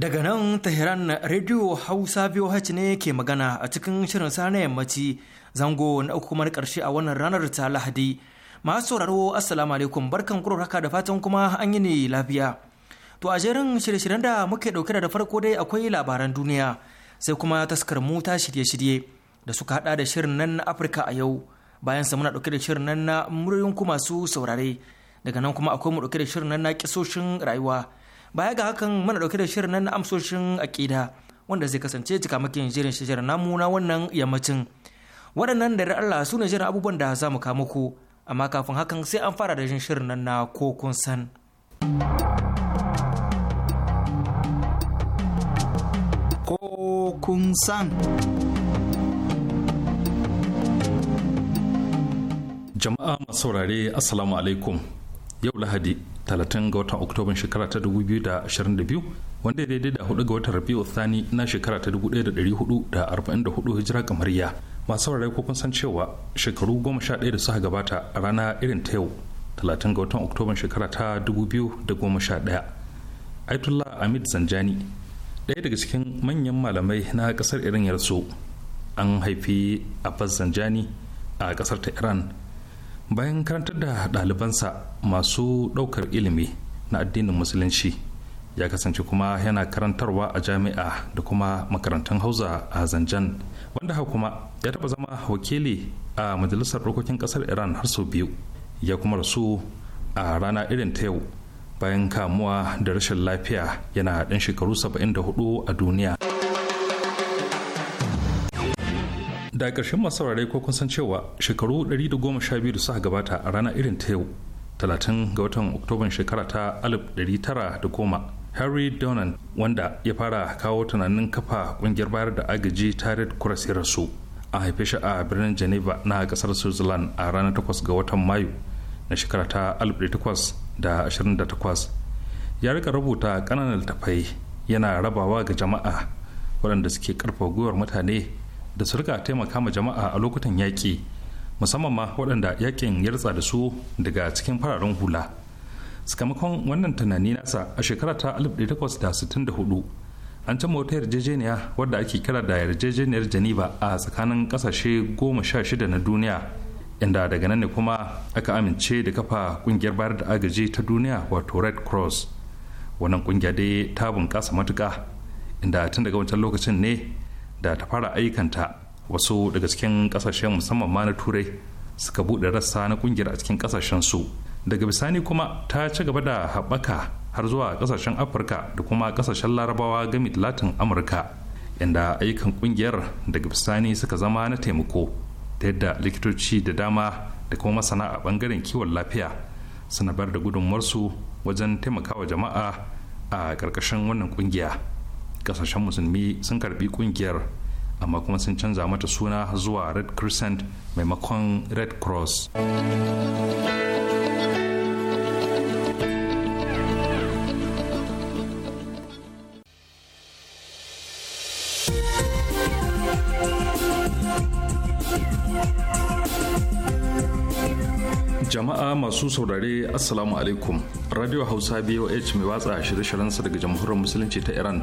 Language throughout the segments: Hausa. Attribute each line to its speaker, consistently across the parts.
Speaker 1: Daga nan tahiran Radio Hausa VOH ne ke magana a cikin shirin sa yammaci zango na uku kuma na ƙarshe a wannan ranar ta Lahadi. Masu sauraro Assalamu alaikum barkan kuroraka da fatan kuma an yi ne lafiya. To a jerin shirye-shiryen da muke ɗauke da farko dai akwai labaran duniya sai kuma taskar mu ta shirye-shirye da suka haɗa da shirin nan na Afirka a yau bayan sa muna ɗauke da shirin nan na muryoyin masu saurare daga nan kuma akwai mu ɗauke da shirin nan na kisoshin rayuwa baya ga hakan mana dauke da shirin nan na amsoshin akida wanda zai kasance jikamakin jirin shirin namu na wannan yammacin waɗannan da Allah su ne jiran abubuwan da za mu kama ku amma kafin hakan sai an fara da jin shirin nan na ko san
Speaker 2: ko kun san
Speaker 3: jama'a masu saurare assalamu alaikum yau lahadi 30 ga watan oktoba shekara ta 2022 wanda daidai da 4 ga watan rabiu thani na shekara ta 1444 hijira kamariya masu saurare ko kun san cewa shekaru 11 da suka gabata a rana irin ta yau 30 ga watan oktoba shekara ta 2011 aitullah amid zanjani ɗaya daga cikin manyan malamai na ƙasar irin yarsu an haifi abbas zanjani a ƙasar ta iran bayan karantar da ɗalibansa masu ɗaukar ilimi na addinin musulunci ya kasance kuma yana karantarwa a jami'a da kuma makarantun hausa a zanjan wanda haka kuma ya taɓa zama wakili a majalisar dokokin ƙasar iran har sau biyu ya kuma rasu a rana irin ta yau bayan kamuwa da rashin lafiya yana ɗan shekaru 74 a duniya. da ƙarshen masu saurare ko kun san cewa shekaru 112 da suka gabata a rana irin ta yau 30 ga watan oktoban shekara ta 1910 harry donan wanda ya fara kawo tunanin kafa ƙungiyar bayar da agaji ta red cross ya rasu a haife shi a birnin geneva na kasar switzerland a ranar 8 ga watan mayu na shekara ta 1828 ya rika rubuta ƙananan littattafai yana rabawa ga jama'a waɗanda suke karfa gwiwar mutane da su rika taimaka ma jama'a a lokutan yaƙi musamman ma waɗanda yaƙin ya da su daga cikin fararen hula sakamakon wannan tunani nasa a shekara ta 1864 an cimma wata yarjejeniya wadda ake kira da yarjejeniyar geneva a tsakanin ƙasashe goma sha shida na duniya inda daga nan ne kuma aka amince da kafa ƙungiyar bayar da agaji ta duniya wato red cross wannan ƙungiya dai ta bunƙasa matuƙa inda tun daga wancan lokacin ne da ta fara aikanta wasu daga cikin kasashen musamman ma na turai suka buɗe rassa na kungiyar a cikin kasashen su daga bisani kuma ta ci gaba da haɓaka har zuwa kasashen afirka da kuma kasashen larabawa gami da latin amurka inda ayyukan kungiyar daga bisani suka zama na taimako ta yadda likitoci da dama da kuma masana a bangaren kiwon lafiya suna bar da gudunmuwarsu wajen taimakawa jama'a a ƙarƙashin wannan kungiya. kasashen musulmi sun karbi kungiyar amma kuma sun canza mata suna zuwa red crescent maimakon red cross jama'a masu saurare assalamu alaikum radio hausa boh mai watsa shirye-shiryensa daga jamhuriyar musulunci ta iran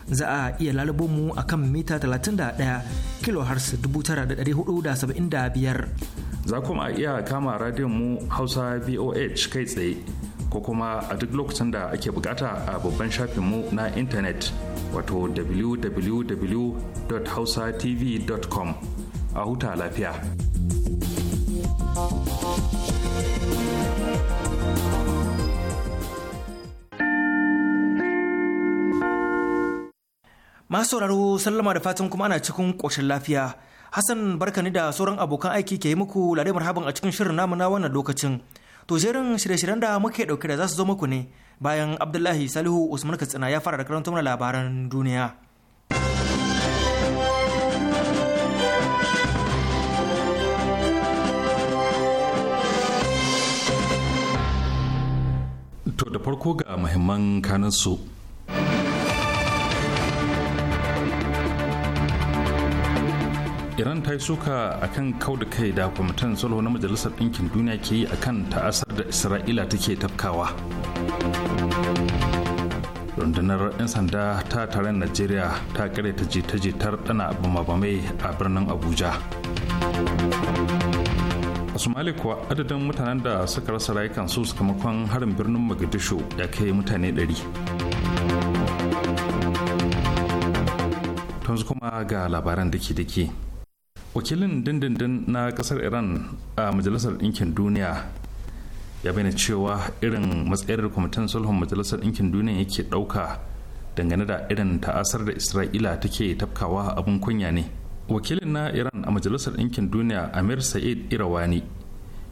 Speaker 1: za a iya lalubo mu a kan mita 31 kilohertz biyar.
Speaker 3: Za kuma iya kama radiyon mu Hausa BOH kai tsaye ko kuma a duk lokacin da ake bukata a babban mu na intanet wato www.hausatv.com a huta lafiya.
Speaker 1: Masu sauraro sallama da fatan kuma ana cikin koshin lafiya. Hassan barka ni da sauran abokan aiki ke yi muku lare marhaban a cikin shirin namu na wannan lokacin. To jerin shirye-shiryen da muke ɗauke da za su zo muku ne bayan Abdullahi Salihu Usman Katsina ya fara da karanta mana labaran duniya.
Speaker 3: To da farko ga muhimman kanansu. iran ta yi suka a kan da kai da kwamitin sulhu na majalisar ɗinkin duniya ke yi a kan ta'asar da isra'ila take tafkawa rundunar 'yan sanda ta taron najeriya ta kare ta jita-jitar ɗana bamabamai a birnin abuja a somali kuwa adadin mutanen da suka rasa rayukan rayukansu sakamakon harin birnin mogadishu ya kai mutane 100 yanzu kuma ga labaran da da dake wakilin dindindin na kasar iran a majalisar ɗinkin duniya ya bayyana cewa irin matsayar kwamitin sulhun majalisar ɗinkin duniya yake ɗauka dangane da irin ta'asar da isra'ila take tafkawa abin kunya ne wakilin na iran a majalisar ɗinkin duniya amir sa'id irawani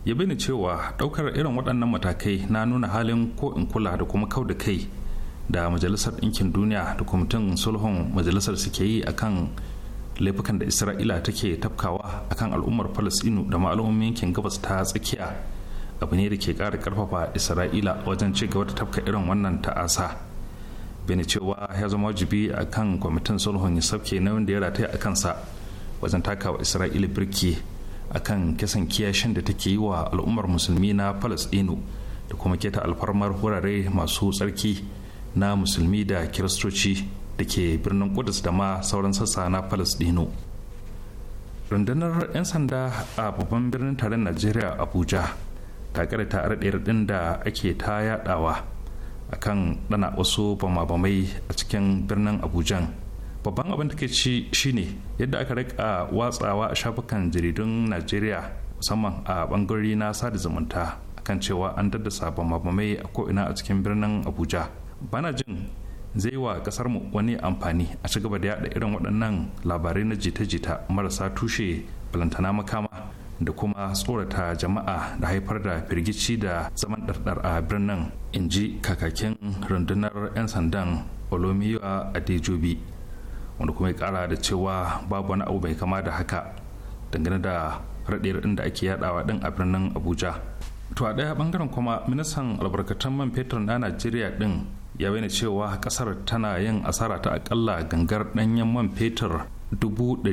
Speaker 3: ya bayyana cewa ɗaukar irin waɗannan matakai na nuna halin ko in kula da kuma kau da kai da majalisar ɗinkin duniya da kwamitin sulhun majalisar suke yi akan laifukan da isra'ila take tafkawa akan al'ummar falasɗinu da ma'al'ummin yankin gabas ta tsakiya abu ne da ke kara karfafa isra'ila wajen ci gaba da tafka irin wannan ta'asa bene cewa ya zama wajibi a kan kwamitin sulhun ya sauke nauyin da ya rataya a kansa wajen takawa isra'ila birki a kan kisan kiyashin da take yi wa al'ummar musulmi na falasɗinu da kuma keta alfarmar wurare masu tsarki na musulmi da kiristoci da ke birnin kudus da ma sauran sassa na palestino rundunar 'yan sanda a babban birnin taron najeriya abuja ta kare ta raɗin da ake ta yadawa kan dana wasu bamabamai a cikin birnin abujan babban abin da ke ci shine yadda aka rika watsawa a shafukan jaridun najeriya musamman a bangarori na sada zumunta kan cewa an daddasa bama-bamai a ko'ina a cikin birnin abuja bana jin zai wa kasar mu wani amfani a ci gaba da yada irin waɗannan labarai na jita-jita marasa tushe balantana makama da kuma tsorata jama'a da haifar da firgici da zaman ɗarɗar a birnin in ji kakakin rundunar 'yan sandan a dejobi wanda kuma ya kara da cewa babu wani abu bai kama da haka dangane da raɗe raɗin da ake yadawa ɗin a birnin abuja to a ɗaya ɓangaren kuma ministan albarkatun man fetur na najeriya ɗin ya bayyana cewa kasar tana yin asara ta akalla gangar danyen man fetur 700,000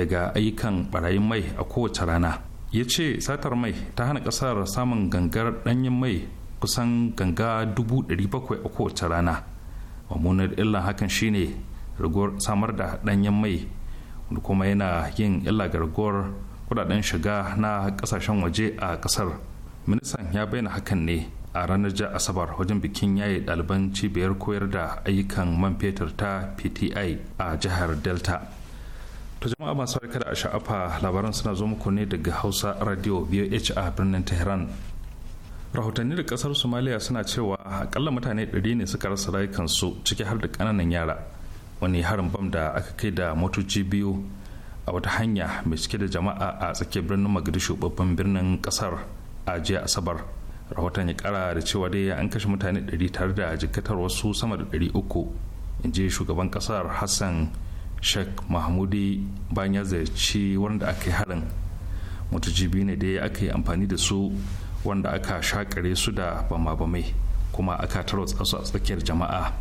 Speaker 3: daga ayyukan barayin mai a kowace rana ya ce satar mai ta hana kasar samun gangar danyen mai kusan ganga 700,000 a kowace rana mummunar illa hakan shine rigor samar da danyen mai wanda kuma yana yin illa ga rigor kudaden shiga na kasashen waje a kasar ministan ya bayyana hakan ne a ranar ja asabar wajen bikin yaye ɗaliban cibiyar koyar da ayyukan man fetur ta pti a jihar delta to jama'a masu harka da sha'afa labaran suna zo muku ne daga hausa radio voh a birnin tehran rahotanni da kasar somaliya suna cewa akalla mutane ɗari ne suka rasa rayukansu ciki har da kananan yara wani harin bam da aka kai da motoci biyu a wata hanya mai cike da jama'a a tsakiyar birnin magadishu babban birnin kasar a jiya asabar rahoton ya kara da cewa dai an kashe mutane 100 tare da jikatar wasu sama da 300 in ji shugaban kasar hassan sheikh mahmudi bayan ya ziyarci wanda aka yi harin biyu ne dai aka yi amfani da su wanda aka shakare su da bama-bamai kuma aka tarwatsa su a tsakiyar jama'a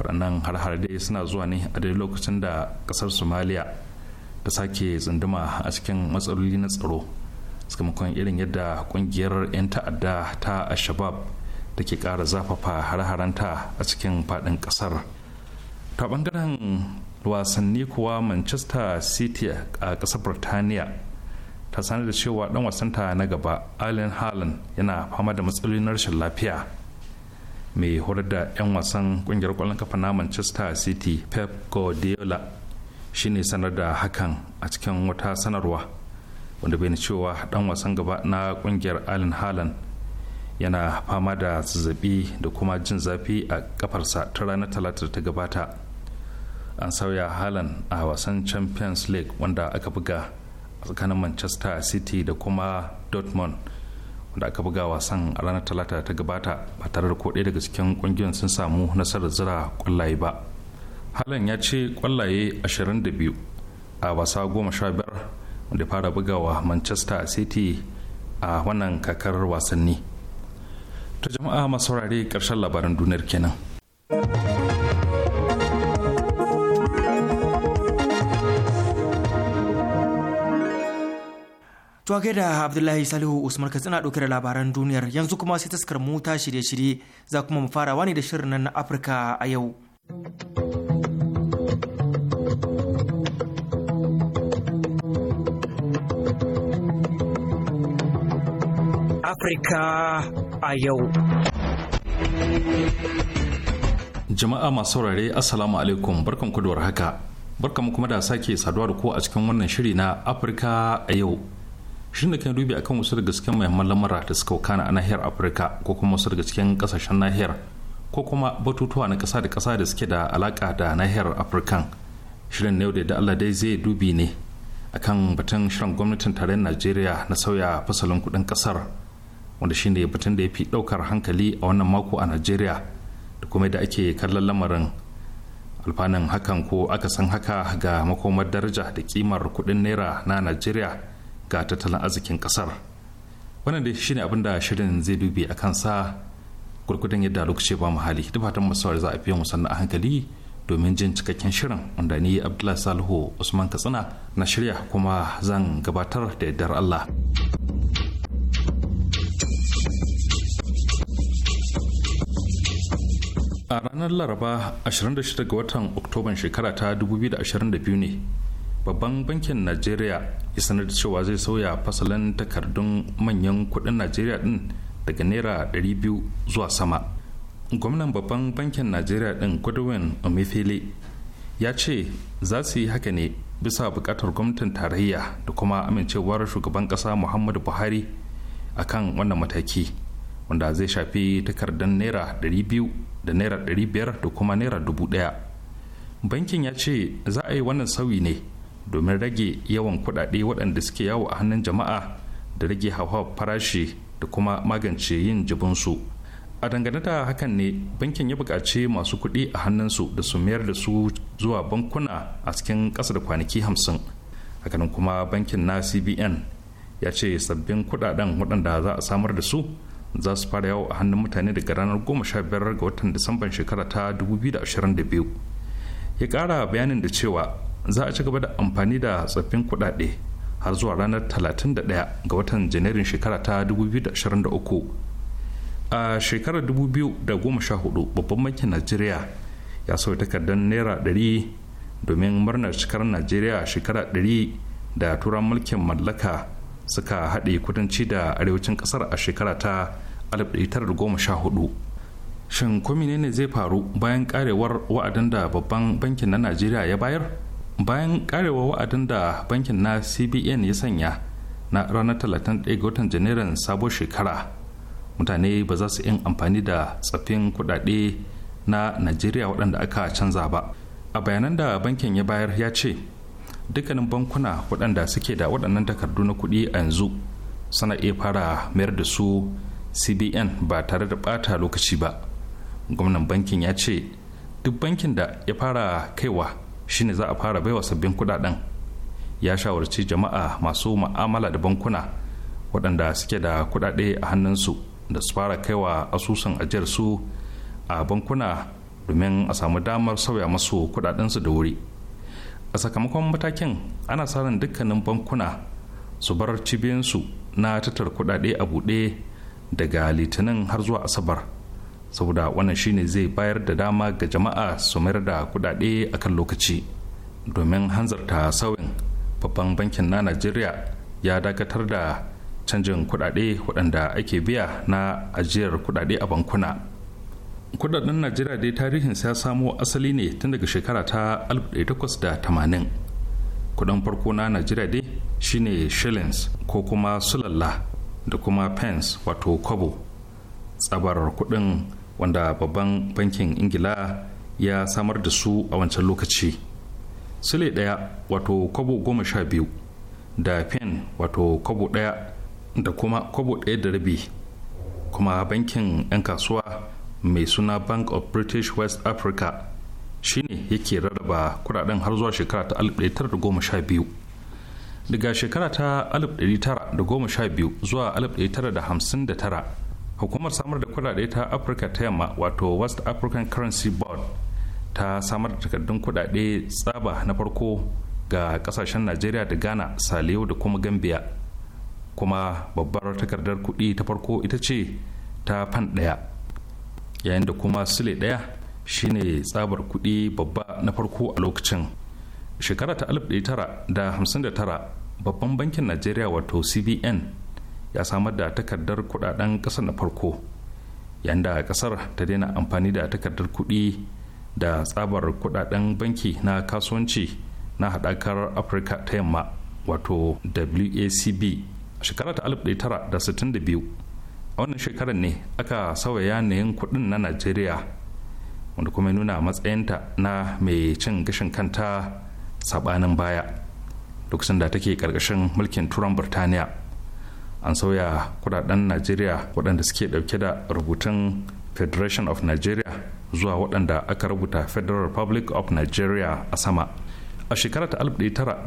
Speaker 3: waɗannan har-har dai suna zuwa ne a dai lokacin da ƙasar somaliya ta sake tsunduma a cikin matsaloli na tsaro sakamakon irin yadda kungiyar 'yan ta'adda ta ashabab da ke kara zafafa har-haranta a cikin fadin kasar ta bangaren wasanni kuwa manchester city a kasar birtaniya ta sanar da cewa dan wasanta na gaba allen harlan yana fama da matsalolin rashin lafiya mai horar da 'yan wasan kungiyar kwallon kafa na manchester city pep guardiola shine sanar da hakan a cikin wata sanarwa wanda bai cewa dan wasan gaba na kungiyar allen haaland yana fama da zazzabi da kuma jin zafi a kafarsa ta ranar talata ta gabata an sauya haaland a wasan champions league wanda aka buga a tsakanin manchester city da kuma dortmund wanda aka buga wasan a ranar talata ta gabata ba tare da kodai daga cikin kungiyar sun samu nasarar zira kwallaye ba haaland ya ce kwallaye 22 a wasa 15 da fara bugawa manchester city a wannan kakar wasanni ta jama'a masu saurare ƙarshen labaran duniyar kenan
Speaker 1: To da Abdullahi Salihu Usman Katsina ɗauke da labaran duniyar yanzu kuma sai taskar mu ta shirye-shirye za kuma mu farawa ne da shirin nan na Afirka a yau. Afirka a yau.
Speaker 3: Jama'a masu saurare Assalamu alaikum barkan ku haka. Barkan kuma da sake saduwa da ku a cikin wannan shiri na Afirka a yau. Shirin da kan dubi akan wasu daga cikin muhimman lamura da suka wakana a nahiyar Afirka ko kuma wasu daga cikin kasashen nahiyar ko kuma batutuwa na kasa da kasa da suke da alaka da nahiyar Afirkan. Shirin na yau da Allah dai zai dubi ne akan batun shirin gwamnatin tarayyar najeriya na sauya fasalin kudin kasar wanda shine batun da ya fi daukar hankali a wannan mako a najeriya da kuma da ake kallon lamarin alfanun hakan ko aka san haka ga makomar daraja da kimar kudin naira na najeriya ga tattalin arzikin kasar wannan da shine abin da shirin zai dubi a sa gurgudun yadda lokaci ba hali da fatan masu za a fiye musanna a hankali domin jin cikakken shirin wanda ni abdullahi salihu usman katsina na shirya kuma zan gabatar da yardar allah a ranar laraba 26 ga watan oktoban shekara ta 2022 ne babban bankin najeriya ya sanar da cewa zai sauya fasalin takardun manyan kudin najeriya din daga naira 200 zuwa sama gwamnan babban bankin najeriya din godwin omefele ya ce za su yi haka ne bisa bukatar gwamnatin tarayya da kuma amincewar shugaban kasa muhammadu buhari a kan wannan mataki wanda zai shafi takardar naira 200 da naira biyar da kuma naira dubu ɗaya. bankin ya ce za a yi wannan sauyi ne domin rage yawan kuɗaɗe waɗanda suke yawo a hannun jama'a da rage hauhawar farashi da kuma magance yin jibinsu a dangane da hakan ne bankin ya buƙaci masu kuɗi a hannunsu da su mayar da su zuwa bankuna a cikin ƙasa da kwanaki hamsin hakanan kuma bankin na cbn ya ce sabbin kuɗaɗen waɗanda za a samar da su za su fara yawo a hannun mutane daga ranar 15 ga watan disamban shekara ta 2022 ya kara bayanin da cewa za a ci gaba da amfani da tsaffin kudade har zuwa ranar 31 ga watan janairun shekara ta 2023 a shekarar 2014 babban bankin najeriya ya sauya takardar naira 100 domin murnar cikar najeriya shekara 100 da turan mulkin mallaka suka haɗe kudanci da arewacin ƙasar a shekara ta 1914 shin ko ne zai faru bayan karewar wa'adin da babban bankin na najeriya ya bayar bayan karewar wa'adin da bankin na cbn ya sanya na ranar 31 ga watan janairun sabon shekara mutane ba za su yin amfani da tsaffin kudade na najeriya waɗanda aka canza ba a bayanan da bankin ya bayar ya ce dukkanin bankuna waɗanda suke da waɗannan takardu na kuɗi a yanzu sana iya fara mayar da su cbn ba tare da ɓata lokaci ba gwamnan bankin ya ce duk bankin da ya fara kaiwa shine za a fara baiwa sabbin kuɗaɗen ya shawarci jama'a masu ma'amala da bankuna waɗanda suke da kuɗaɗe a hannunsu da su fara kaiwa asusun ajiyar su a bankuna domin a samu damar sauya masu kuɗaɗensu da wuri a sakamakon matakin ana sarin dukkanin bankuna su bar cibiyansu na tattar kudade a buɗe daga litinin har zuwa asabar saboda wannan shine zai bayar da dama ga jama'a su mayar da kudade a kan lokaci domin hanzarta sauyin babban bankin na najeriya ya dakatar da canjin kudade waɗanda ake biya na ajiyar kudade a bankuna kudaden najeriya dai tarihin ya samo asali ne tun daga shekara ta 1880 kudin farko na najeriya dai shine shillings ko kuma sulalla da kuma pence wato kwabo tsabarar kudin wanda babban bankin ingila ya samar da su a wancan lokaci sule daya wato kobo goma sha biyu da pen wato kobo daya da kuma kobo daya da rabi kuma bankin 'yan kasuwa mai suna bank of british west africa shine yake rarraba kudaden har zuwa shekara ta 1912 daga shekara ta 1912 zuwa 1959 hukumar samar da kudade ta afirka ta yamma wato west african currency board ta samar da takardun kudade tsaba na farko ga kasashen najeriya da ghana saliyo da kuma gambia kuma babbar takardar kudi ta farko ita ce ta fan daya yayin da kuma sule ɗaya shine tsabar kudi babba na farko a lokacin shekara ta 1959 babban bankin najeriya wato cbn ya samar da takardar kudaden kasar na farko yayin da ƙasar ta daina amfani da takardar kudi da tsabar kudaden banki na kasuwanci na hadakar afirka ta yamma wato wacb a shekara ta 1962 a wannan shekarar ne aka sauya yanayin kuɗin na najeriya wanda kuma nuna matsayinta na mai cin gashin kanta sabanin baya duk sanda take karkashin mulkin turan burtaniya an sauya kudaden najeriya waɗanda suke ɗauke da rubutun federation of nigeria zuwa waɗanda aka rubuta federal republic of nigeria a sama a shekara ta 1968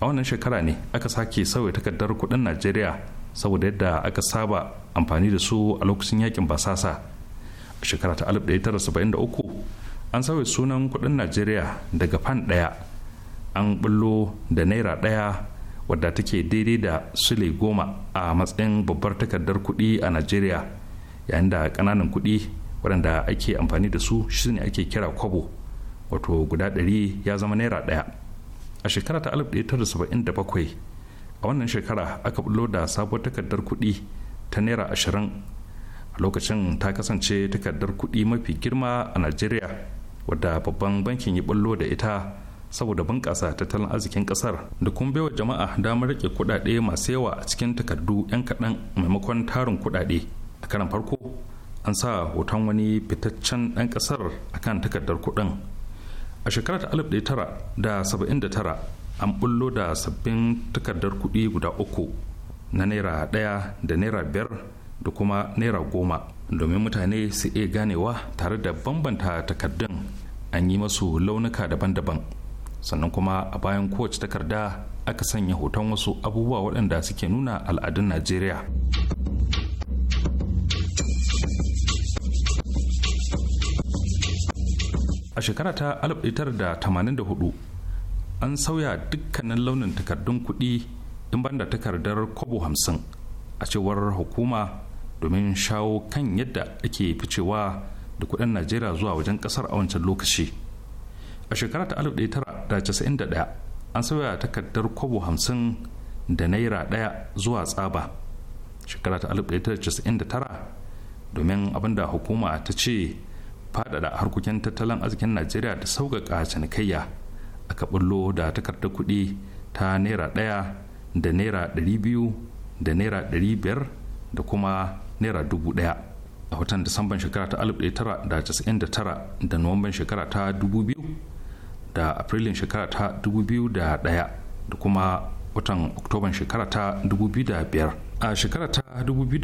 Speaker 3: a wannan shekara ne aka sake sauya takardar kudin najeriya saboda yadda aka saba amfani da su a lokacin yakin basasa a shekara ta 1973 an sauya sunan kudin najeriya daga fan daya an bullo da naira daya wadda take daidai da sule goma a matsayin babbar takardar kudi a najeriya yayin da kananan kudi waɗanda ake amfani da su shine ake kira kwabo wato guda ɗari ya zama naira daya a shekara ta 1977 a wannan shekara aka bullo da sabuwar takardar kuɗi ta naira ashirin a lokacin ta kasance takardar kuɗi mafi girma a najeriya wadda babban bankin ya bullo da ita saboda bunƙasa tattalin arzikin ƙasar da kuma baiwa jama'a damar rike kuɗaɗe masu yawa a cikin takardu 'yan kaɗan maimakon tarin kuɗaɗe a karan farko an sa hoton wani fitaccen ɗan ƙasar akan takardar kuɗin a shekarar 1979 an bullo da sabbin takardar kuɗi guda uku na naira ɗaya da naira biyar da kuma naira goma domin mutane su iya ganewa tare da bambanta takardun an yi masu launuka daban-daban sannan kuma a bayan kowace takarda aka sanya hoton wasu abubuwa waɗanda suke nuna al'adun najeriya a shekara ta 1984 an sauya dukkanin launin takardun kuɗi in banda takardar kobo hamsin a cewar hukuma domin shawo kan yadda ake ficewa da kuɗin najeriya zuwa wajen ƙasar a wancan lokaci a shekara ta 1991 an sauya takardar kobo hamsin da naira ɗaya zuwa tsaba shekara ta 1999 domin abinda hukuma ta ce faɗaɗa harkokin tattalin arzikin najeriya da sauƙaƙa cinikayya aka bullo da takardar kuɗi ta naira ɗaya da naira ɗari biyu da naira ɗari biyar da kuma naira dubu ɗaya a watan disamban shekara ta alif tara da casa'in da da tara nuwamban shekara ta dubu biyu da afrilin shekara ta dubu biyu da ɗaya da kuma watan oktoban shekara ta dubu biyu da biyar. a shekara ta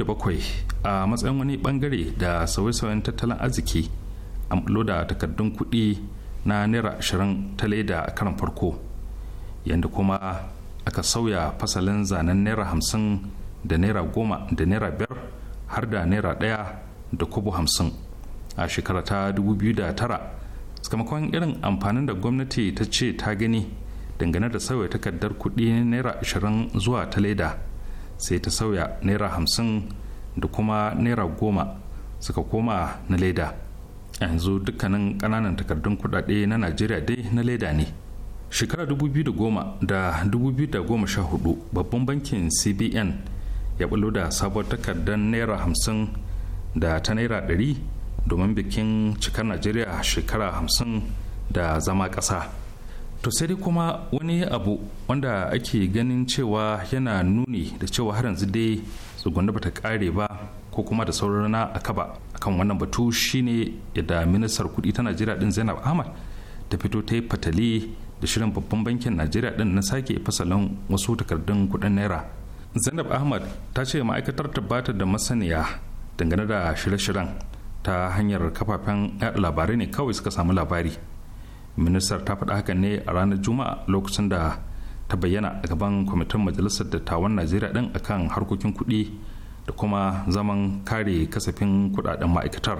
Speaker 3: bakwai a matsayin wani bangare da sauye-sauyen tattalin arziki a da takardun kuɗi na naira ashirin ta leda a karan farko yadda kuma aka sauya fasalin zanen naira hamsin da naira goma da naira biyar har da naira 1 da kubu hamsin a shekara ta tara sakamakon irin amfanin da gwamnati ta ce ta gani dangane da sauya takardar kudi naira 20 zuwa ta leda sai ta sauya naira hamsin da kuma naira goma suka koma na leda yanzu dukkanin ƙananan takardun kuɗaɗe na najeriya dai na leda ne shekara 2010 da 2014 babban bankin cbn ya bulo da sabuwar takardar naira hamsin da ta naira 100 domin bikin cikar najeriya shekara hamsin da zama ƙasa to sai kuma wani abu wanda ake ganin cewa yana nuni da cewa har yanzu dai tsugunda bata kare ba ko kuma da sauran rana a kaba akan wannan batu shine da ministar kudi ta najeriya din zainab ahmad ta fito ta yi fatali da shirin babban bankin najeriya din na sake fasalin wasu takardun kudin naira zainab ahmad ta ce ma'aikatar ta bata da masaniya dangane da shirye-shiryen ta hanyar kafafen yada labarai ne kawai suka samu labari ministar ta faɗa haka ne a ranar juma'a lokacin da ta bayyana a gaban kwamitin majalisar dattawan najeriya din akan harkokin kuɗi da kuma zaman kare kasafin kudaden ma'aikatar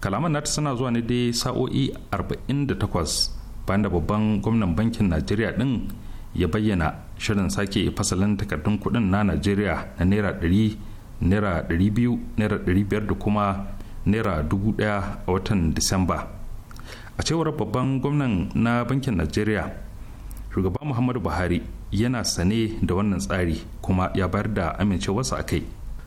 Speaker 3: kalaman nata suna zuwa ne dai sa'o'i 48 bayan da babban gwamnan bankin najeriya din ya bayyana shirin sake fasalin takardun kudin na najeriya na naira 100 naira 200 naira 500 da kuma naira 1000 a watan disamba a cewar babban gwamnan na bankin najeriya shugaba muhammadu buhari yana sane da wannan tsari kuma ya bayar da amincewarsa a kai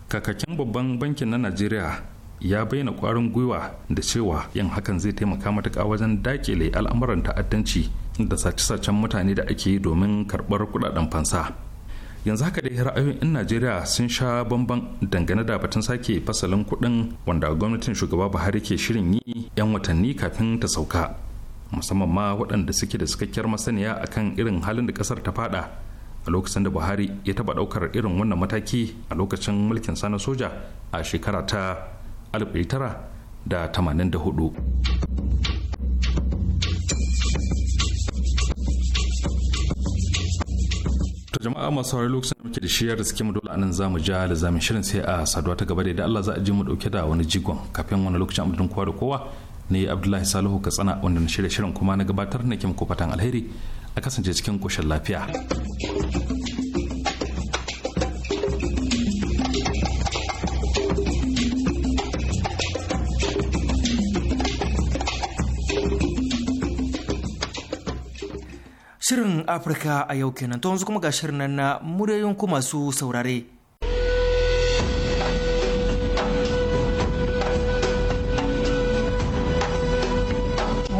Speaker 3: kakakin babban bankin na najeriya ya bayyana kwarin gwiwa da cewa yin hakan zai taimaka matuƙa wajen dakile al'amuran ta'addanci da sace-sacen mutane da ake yi domin karɓar kuɗaɗen fansa yanzu haka dai ra'ayoyin 'yan najeriya sun sha bamban dangane da batun sake fasalin kuɗin wanda gwamnatin shugaba buhari ke shirin yi 'yan watanni kafin ta sauka musamman ma waɗanda suke da cikakkiyar masaniya akan irin halin da ƙasar ta faɗa. a lokacin da buhari ya taba daukar irin wannan mataki a lokacin mulkin sa soja a shekara ta 1984 jama'a masu saurari lokacin da muke da shiyar da suke mu dole anan mu ja da zamin shirin sai a saduwa ta gaba da Allah za a ji mu dauke da wani jigon kafin wani lokacin abudin kowa da kowa ne abdullahi salihu katsina wanda na shirya shirin kuma na gabatar na kim kofatan fatan alheri a kasance cikin ƙoshin lafiya.
Speaker 1: Shirin Afirka a yau kenan to yanzu kuma ga shirin nan na muryoyin ku masu saurare.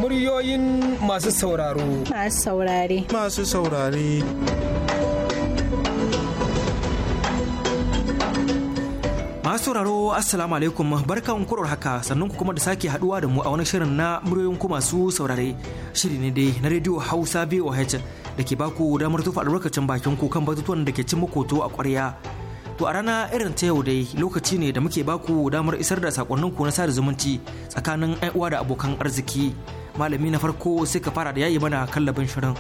Speaker 4: Muryoyin
Speaker 5: masu sauraro.
Speaker 6: Masu saurare. Masu saurare.
Speaker 1: masu sauraro assalamu alaikum barkan kurar haka sannan ku kuma da sake haduwa da mu a wani shirin na muryoyin ku masu saurare shiri ne dai na rediyo hausa voh da ke baku damar tufa albarkacin bakin ku kan batutuwan da ke cin makoto a kwarya To a rana irin ta yau dai lokaci ne da muke baku damar isar da sakonnin ku na sada zumunci tsakanin uwa da abokan arziki. Malami na farko sai ka fara da yayi mana kallabin shirin.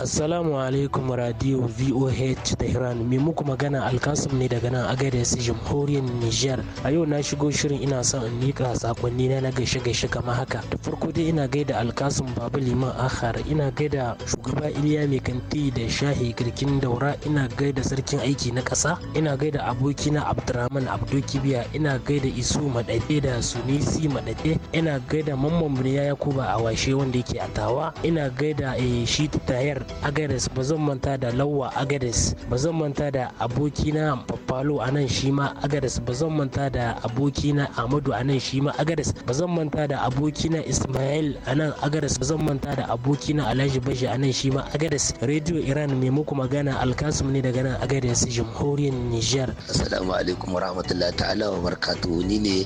Speaker 5: Assalamu alaikum radio VOH Tehran. Me muku magana Alkasim ne daga nan Agadez Jamhuriyar Nijar? A yau na shigo shirin ina son in mika sakonni na na gaishe gaishe kamar haka. Da farko dai ina gaida Alkasim babu Liman Akhar, ina gaida shugaba Iliya kanti da Shahi Girkin Daura, ina gaida sarkin aiki na ƙasa, ina gaida abokina Abdurrahman Abdul Kibiya, ina gaida Isu Madade da Sunisi Madade, ina gaida Mamman Buniya Yakuba a washe wanda yake a ina gaida eh, Shi Tayar agares ba zan manta da lawa agares ba zan manta da abokina faffalo a nan shi ma agares ba zan manta da abokina amadu a nan shi ma agares ba zan manta da abokina ismail a nan agares ba zan manta da abokina alhaji bashi a nan shi ma agares radio iran mai muku magana alkasum ne daga nan
Speaker 7: agares jamhuriyar niger assalamu alaikum warahmatullahi ta'ala wa barakatuhu ni ne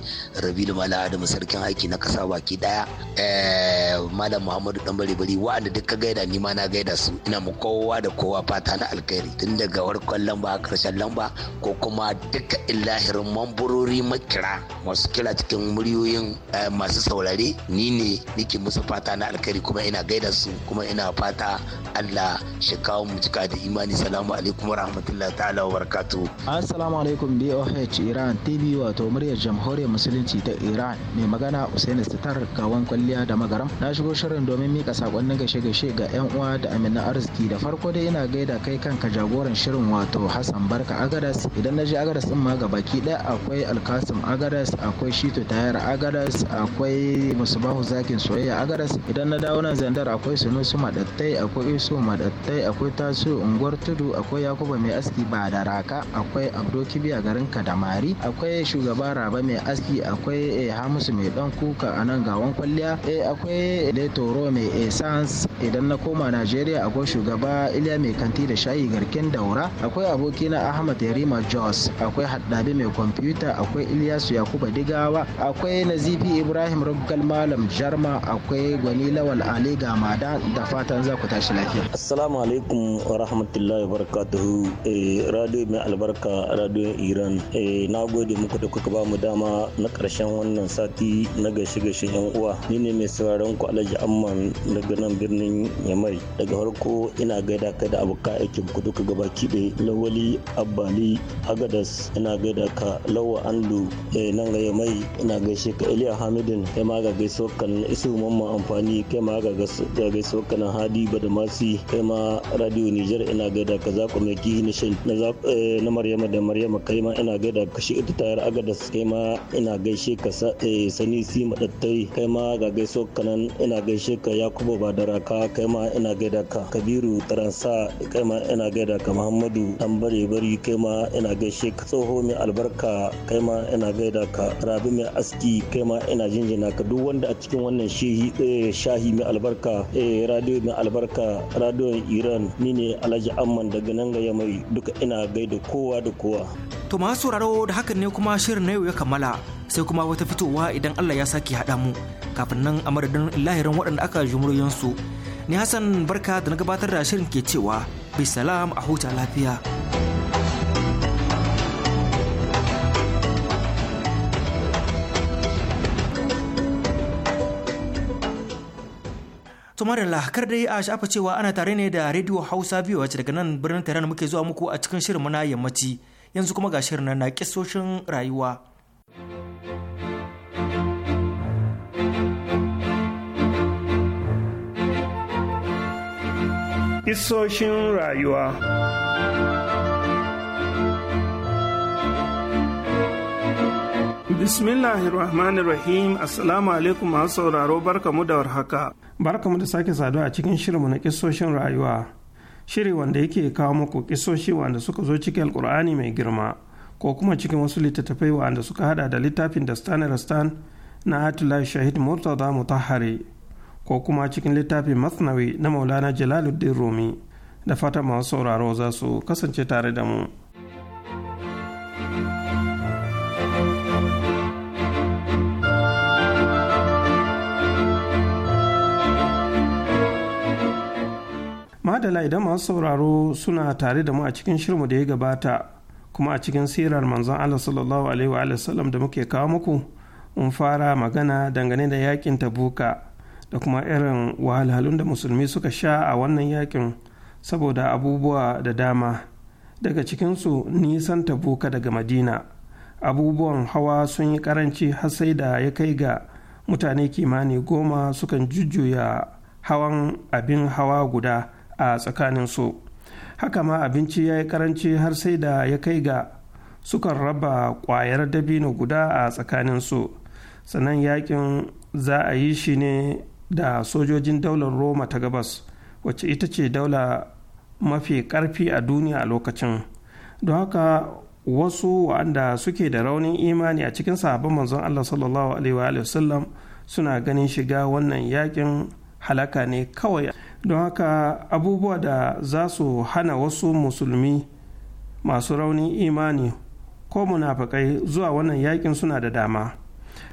Speaker 7: rabil malam adamu sarkin haki na kasa baki daya eh, malam muhammadu dan bari bari wa'anda duk ka gaida ni ma na gaida su ina mu kowa da kowa fata na alkhairi tun daga warkon lamba karshen lamba ko kuma duka illahirin mamburori makira masu kira cikin muryoyin eh, masu saurare ni ne nike musu fata na alkhairi kuma ina gaida su kuma ina fata Allah shi kawo mu cika da imani salamu alaikum wa rahmatullahi ta'ala wa barakatuhu
Speaker 5: assalamu alaikum BOH Iran TV wato muryar jamhuriyar musulunci ta Iran mai magana Usaini Sitar gawan kwalliya da magaram na shigo shirin domin mika sakonnin gashe-gashe ga yan uwa da amina arziki da farko dai ina gaida kai kanka jagoran shirin wato hassan barka agadas idan na je agadas din ma gabaki daya akwai alkasim agadas akwai shito tayar agadas akwai musubahu zakin soyayya agadas idan na dawo nan zandar akwai sunusu madattai akwai isu madattai akwai tasu unguwar tudu akwai yakuba mai aski ba da raka akwai abdo kibiya garin kadamari akwai shugaba raba mai aski akwai eh, hamisu mai dan kuka a nan gawan kwalliya eh, akwai leto mai essence idan na koma najeriya akwai shugaba iliya mai kanti da shayi garken daura akwai abokina ahmad yarima jos akwai haddabi mai kwamfuta akwai iliyasu yakuba digawa akwai nazifi ibrahim rugal malam jarma akwai gwani lawal ali gamada
Speaker 7: da fatan za ku tashi lafiya assalamu alaikum wa rahmatullahi wa barakatuhu eh, radio mai albarka radio iran eh, na gode muku da kuka bamu dama na karshen wannan sati na gaishe gashi yan uwa ni ne mai sauraron ku alhaji amman daga nan birnin yamai daga farko ina gaida ka da abokan aikin ku duka gabaki ɗaya lawali abbali agadas ina gaida ka lawa andu eh, nan ga mai ina gaishe ka iliya hamidin kai ma ga gaisuwar kan isu mamman amfani kai ma ga gaisuwar kan hadi badamasi kai ma radio niger ina gaida ka zaku mai kihi eh, na maryama da maryama kai ma ina gaida ka shi ita tayar agadas kai ma ina gaishe ka eh, sani si madattai kai ma ga gaisuwar kanan ina gaishe ka yakubu badaraka kai ma ina gaida ka kabiru taransa kai ma ina gaida ka muhammadu dan bare bari kai ma ina gaishe ka tsoho mai albarka kai ma ina gaida ka rabi mai aski kai ma ina jinjina ka duk wanda a cikin wannan eh, shahi mai albarka eh, radio mai albarka radio iran ni ne alhaji amman daga nan ga yamai duka ina gaida kowa da kowa
Speaker 1: to masu sauraro da hakan ne kuma shirin na yau ya kammala sai kuma wata fitowa idan allah ya sake haɗa mu kafin nan a madadin lahirin waɗanda aka jumuriyansu su ni hassan barka da na gabatar da shirin ke cewa bai salam a huta lafiya tumarilla kar dai a shafa cewa ana tare ne da rediyo hausa biyu wacce daga nan birnin tehran muke zuwa muku a cikin shirin muna yammaci yanzu kuma ga shirin na kisoshin rayuwa
Speaker 2: Kisoshin rayuwa. Bismillahirrahmanirrahim Assalamu alaikum masu sauraro barkamu da warhaka. Barkamu da sake saduwa a cikin shirinmu na kisoshin rayuwa. Shiri wanda yake kawo muku kisoshi wanda suka zo cikin alkur'ani mai girma ko kuma cikin wasu littattafai wanda suka hada da littafin da stan na Atula Shahid Murtaza Mutahari ko kuma cikin littafin masnawi na maulana jalaluddin rumi da fata masu sauraro za su kasance tare da mu. madala idan masu sauraro suna tare da mu a cikin shirmu da ya gabata kuma a cikin sirar manzon Allah sallallahu alaihi wa sallam da muke kawo muku mun fara magana dangane da yakin tabuka da kuma irin wahalhalun da musulmi suka sha a wannan yakin saboda abubuwa da dama daga cikinsu nisan tabuka daga madina abubuwan hawa sun yi karanci har sai da ya kai ga mutane kimani goma sukan jujjuya hawan abin hawa guda a tsakaninsu haka ma abinci ya yi karanci har sai da ya kai ga sukan raba kwayar dabino guda a tsakaninsu sannan yakin za a yi shi ne da sojojin daular roma ta gabas wacce ita ce daula mafi karfi a duniya a lokacin don haka wasu wa'anda suke da raunin imani a cikin sahabban manzon allah sallallahu alaihi wasallam suna ganin shiga wannan yakin halaka ne kawai don haka abubuwa da za su hana wasu musulmi masu raunin imani ko munafakai zuwa wannan yakin suna da dama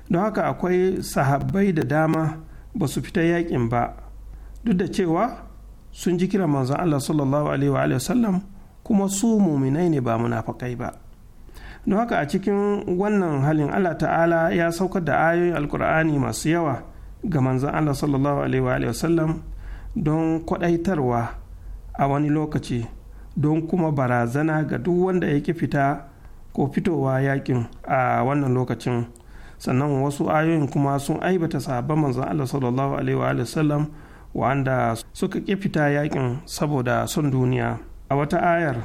Speaker 2: don haka akwai sahabbai da dama ba su fita yakin ba duk da cewa sun ji kiran manzon Allah sallallahu alaihi wa sallam kuma su muminai ne ba munafakai ba don haka a cikin wannan halin Allah ta'ala ya saukar da ayoyin alkur'ani masu yawa ga manzon Allah sallallahu alaihi wa sallam don kwadaitarwa a wani lokaci don kuma barazana ga duk wanda yake fita ko fitowa yakin a wannan lokacin sannan wasu ayoyin kuma sun aibata sahabban manzon Allah sallallahu alaihi wa sallam wanda suka ƙi fita yakin saboda son duniya a wata ayar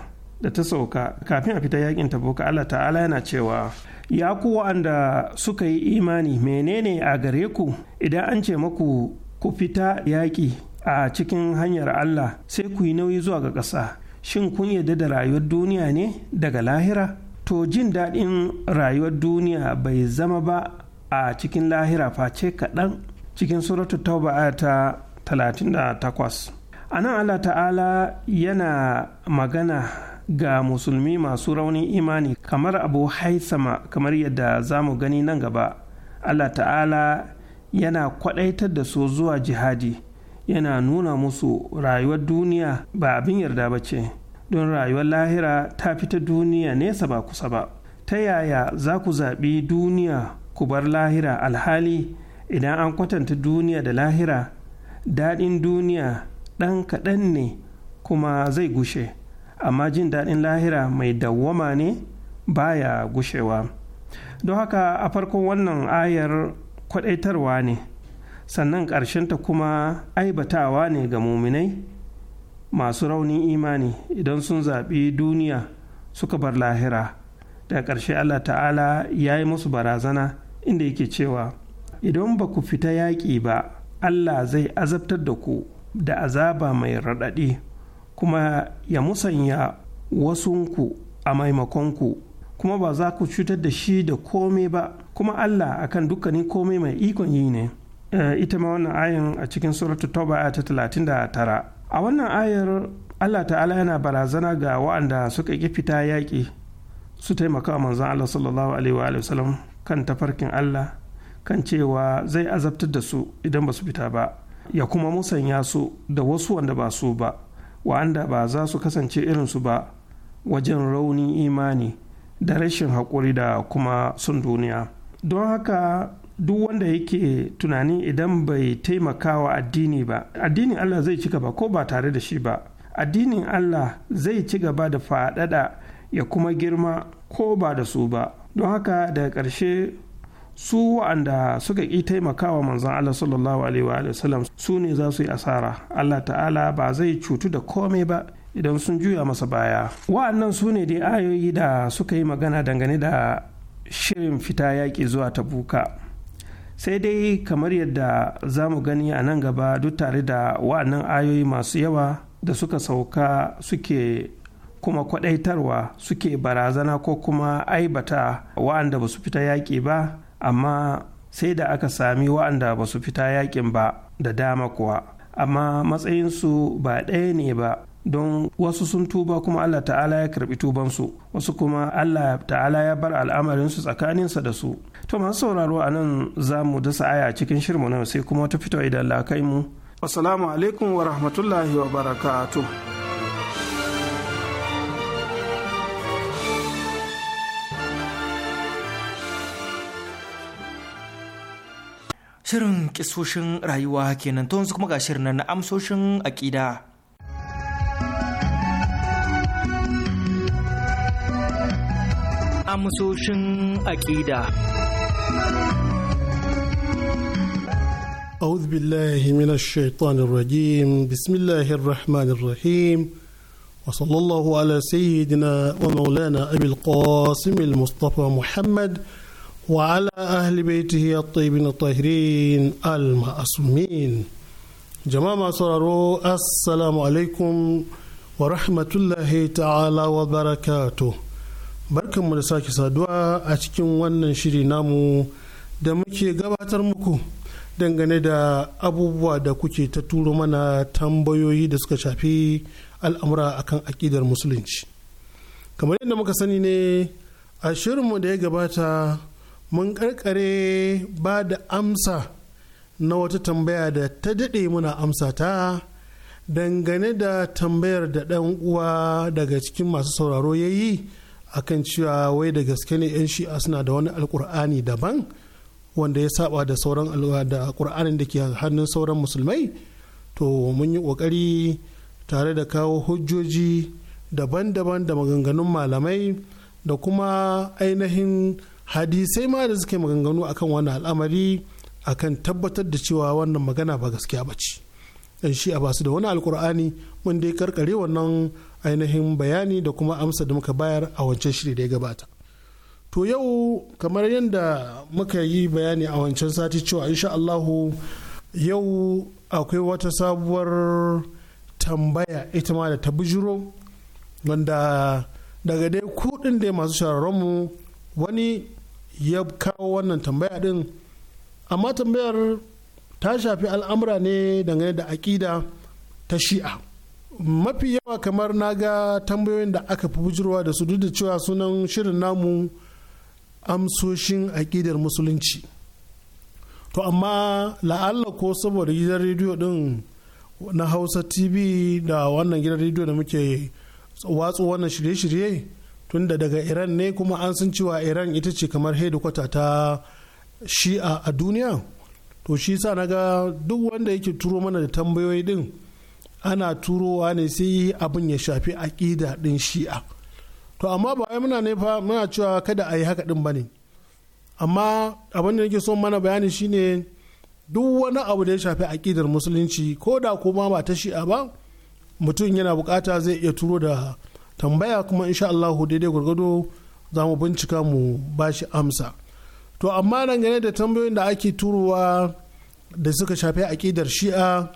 Speaker 2: da ta sauka kafin a fita yakin tabuka Allah ta'ala yana cewa ya ku wa'anda suka yi imani menene a gare ku idan an ce maku ku fita yaƙi a cikin hanyar Allah sai ku yi nauyi zuwa ga ƙasa shin kun yarda da rayuwar duniya ne daga lahira to jin daɗin rayuwar duniya bai zama ba a cikin lahira face kaɗan cikin suratu tauba ta 38 a nan allah ta'ala yana magana ga musulmi masu raunin imani kamar abu haisama kamar yadda za mu gani nan gaba allah ta'ala yana kwadaitar da su zuwa jihadi yana nuna musu rayuwar duniya ba abin yarda ba ce don rayuwar lahira ta fi ta duniya nesa ba kusa ba ta yaya za ku zaɓi duniya ku bar lahira alhali idan an kwatanta duniya da lahira daɗin duniya ɗan kaɗan ne kuma zai gushe amma jin daɗin lahira mai dawwama ne baya gushewa don haka a farkon wannan ayar kwaɗaitarwa ne sannan ƙarshen ta kuma aibatawa ne ga muminai masu raunin imani idan sun zaɓi duniya suka bar lahira da ƙarshe allah ta'ala ya yi musu barazana inda yake cewa idan ba ku fita yaƙi ba allah zai azabtar da ku da azaba mai raɗaɗi kuma ya musanya wasunku a maimakonku kuma ba za ku cutar da shi da kome ba kuma allah akan dukkanin kome mai ikon yi ne eh, ita ma wannan ayin a cikin suratu tauba ta 39 a wannan ayar allah ta'ala yana barazana ga wa'anda suka ƙi fita yaƙi su taimaka wa manzan allah sallallahu alaihi wa sallam kan tafarkin allah kan cewa zai azabtar da su idan ba su fita ba ya kuma musanya su da wasu wanda ba su ba wa'anda ba za su kasance irin su ba wajen raunin imani da rashin haƙuri da kuma sun duniya don haka duk wanda yake tunani idan bai taimaka wa addini ba addinin Allah zai ci gaba ko ba tare da shi ba addinin Allah zai ci gaba da faɗaɗa ya kuma girma ko ba da su ba don haka daga ƙarshe su wa'anda suka ƙi taimakawa manzon Allah sallallahu alaihi wa sallam su ne za su yi asara Allah ta'ala ba zai cutu da komai ba idan sun juya masa baya wa'annan su ne dai ayoyi da suka yi magana dangane da shirin fita yaƙi zuwa ta tabuka sai dai kamar yadda za mu gani a nan gaba duk tare da wa'annan ayoyi masu yawa da suka sauka suke kuma kwadaitarwa suke barazana ko kuma aibata wa'anda ba su fita yaƙi ba amma sai da aka sami wa'anda ba su fita yaƙin ba da dama kuwa amma matsayinsu ba ɗaya ne ba don wasu sun tuba kuma Allah ta'ala ya karbi tubansu wasu kuma Allah ta'ala ya bar al'amarinsu tsakaninsa da su to masu sauraro a nan za mu dasa aya cikin shirmu na sai kuma ta fito idan lakai mu assalamu alaikum wa rahmatullahi wa barakatuh
Speaker 1: Shirin kisoshin rayuwa kenan to yanzu kuma ga shirin na amsoshin aƙida. Amsoshin aƙida.
Speaker 8: أعوذ بالله من الشيطان الرجيم بسم الله الرحمن الرحيم وصلى الله على سيدنا ومولانا أبي القاسم المصطفى محمد وعلى أهل بيته الطيبين الطاهرين المعصومين جماعة سرروا السلام عليكم ورحمة الله تعالى وبركاته barkan mu da sake saduwa a cikin wannan shiri namu da muke gabatar muku dangane da abubuwa da kuke ta turo mana tambayoyi da suka shafi al'amura a kan aƙidar musulunci kamar yadda muka sani ne a shirinmu da ya gabata mun karkare ba da amsa na wata tambaya da ta daɗe muna amsa ta dangane da tambayar da ɗan uwa daga cikin masu sauraro ya yi akan cewa wai da gaske ne 'yan shi'a suna da wani alkur'ani daban wanda ya saba da sauran da alkur'ani da ke hannun sauran musulmai to mun yi kokari tare da kawo hujjoji daban-daban da maganganun malamai da kuma ainihin hadisai ma da suke maganganu akan wannan al'amari akan tabbatar da cewa wannan magana ba gaskiya ba ce yan shi'a basu da wani alkur'ani mun dai karkare wannan ainihin bayani da kuma amsa da muka bayar a wancan shiri da ya gabata to yau kamar yadda muka yi bayani a wancan sati cewa insha Allahu yau akwai wata sabuwar tambaya ita ma da ta bijiro wanda daga dai kudin da masu mu wani ya kawo wannan tambaya din amma tambayar ta shafi al'amura ne dangane da aƙida ta shi'a mafi yawa kamar na ga tambayoyin da aka fi bujirwa da su duk da cewa sunan shirin namu amsoshin aƙidar musulunci to amma la'alla ko saboda gidan rediyo din na hausa tv da wannan gidan rediyo da muke watsu wannan shirye-shirye tunda daga iran ne kuma an san cewa iran ita ce kamar hedikwata ta shi'a a duniya to shi sa na ga duk wanda yake turo mana da tambayoyi din ana turowa ne sai abin ya shafi aƙida ɗin shi'a to amma ba wai muna nefa muna cewa kada a yi haka ɗin ba ne amma abin da nake son mana bayani shine duk wani abu da ya shafi aƙidar musulunci ko da kuma ba ta shi'a ba mutum yana bukata zai iya turo da tambaya kuma insha Allahu daidai gwargwado za mu bincika mu ba shi amsa to amma dangane da tambayoyin da ake turowa da suka shafi aƙidar shi'a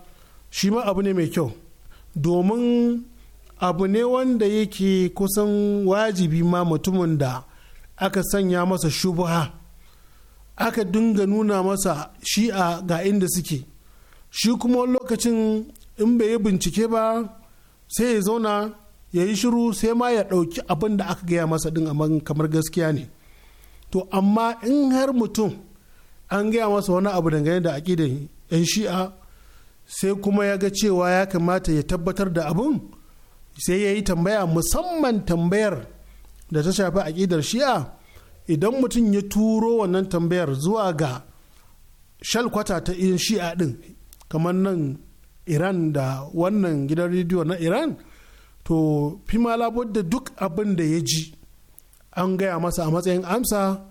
Speaker 8: shi ma abu ne mai kyau domin abu ne wanda yake kusan wajibi ma mutumin da aka sanya masa shubuha aka dinga nuna masa shi'a ga inda suke shi kuma lokacin in bai yi bincike ba sai ya zauna ya yi shiru sai ma ya ɗauki abin da aka gaya masa din amma kamar gaskiya ne to amma in har mutum an gaya masa wani abu dangane da aƙidan 'yan shi'a sai kuma ya ga cewa ya kamata ya tabbatar da abin sai ya yi tambaya musamman tambayar da ta shafi aƙidar shi'a idan mutum ya turo wannan tambayar zuwa ga shalkwata ta in shi'a ɗin kamar nan iran da wannan gidan rediyo na iran to fi da duk abin da ya ji an gaya masa a matsayin amsa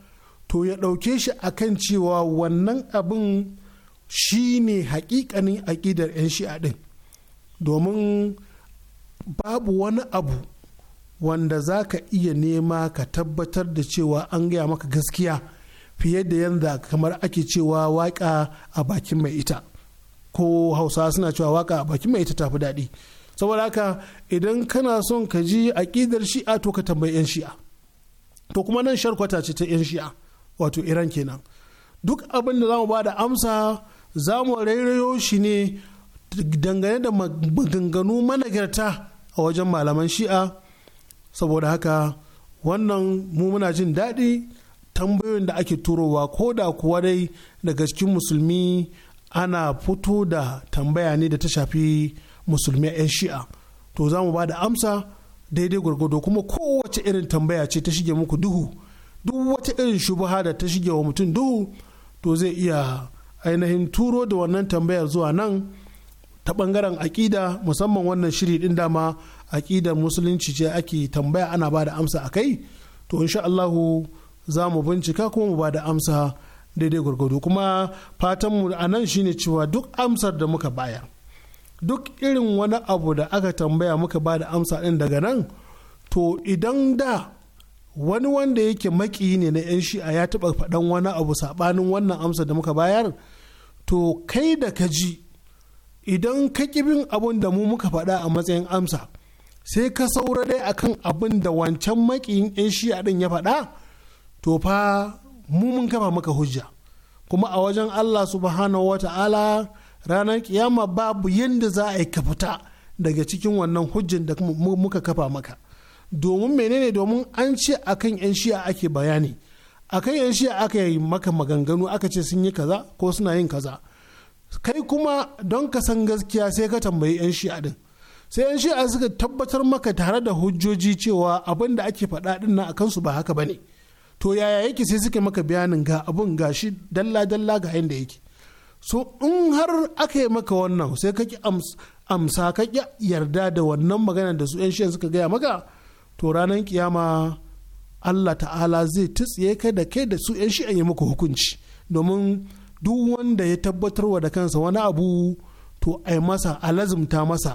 Speaker 8: to ya ɗauke shi akan cewa wannan abin shi ne hakikanin aƙidar 'yan shi'a ɗin domin babu wani abu wanda za ka iya nema ka tabbatar da cewa an gaya maka gaskiya fiye da yadda kamar ake cewa waka a bakin mai ita ko hausa suna cewa waka a bakin mai ita tafi daɗi saboda haka idan kana son ka ji aƙidar shi'a to ka tambayi 'yan shi'a to kuma nan sharkwata ce ta 'yan shi'a wato iran kenan duk abin da za mu ba da amsa za mu rairayo shi ne dangane da maganganu managarta a wajen malaman shi'a saboda haka wannan mu muna jin daɗi tambayoyin da ake turowa ko da kuwa dai daga cikin musulmi ana fito da tambaya ne da ta shafi musulmi 'yan shi'a to za mu ba da amsa daidai gwargwado kuma kowace irin tambaya ce ta shige muku duhu duk wata irin shubaha da ta shige wa mutum duhu to zai iya ainihin turo da wannan tambayar zuwa nan ta bangaren aƙida musamman wannan shiri din dama aƙidar musulunci ce ake tambaya ana ba da amsa a kai to insha Allahu za mu bincika kuma mu ba da amsa daidai gwargwado kuma fatanmu a nan shine cewa duk amsar da muka bayar duk irin wani abu da aka tambaya muka ba da amsa ɗin daga nan to idan da wani wanda yake maki ne na 'yan shi'a ya taba faɗan wani abu saɓanin wannan amsa da muka bayar to kai da ka ji idan ka bin abin da mu muka faɗa a matsayin amsa sai ka saura dai akan abin da wancan makiyin 'yan shi'a ɗin ya faɗa to fa mu mun kafa maka hujja kuma a wajen Allah subhanahu wa ta'ala ranar kiyama babu yadda za a yi ka fita daga cikin wannan hujjin da muka kafa maka. domin menene domin an ce akan 'yan shi'a ake bayani akan 'yan shi'a aka yi maka maganganu aka ce sun yi kaza ko suna yin kaza kai kuma don ka san gaskiya sai ka tambayi 'yan shi'a din sai 'yan shi'a suka tabbatar maka tare da hujjoji cewa abin da ake faɗa din na akan su ba haka bane to yaya yake sai suke maka bayanin ga abun ga shi dalla dalla ga yanda yake so in har aka yi maka wannan sai ka ki amsa ka yarda da wannan magana da su 'yan shi'a suka gaya maka to ranar kiyama Allah ta'ala zai tsiye kai da kai da su 'yan shi'an yi muku hukunci domin duk wanda ya tabbatar wa da kansa wani abu to a masa alazumta masa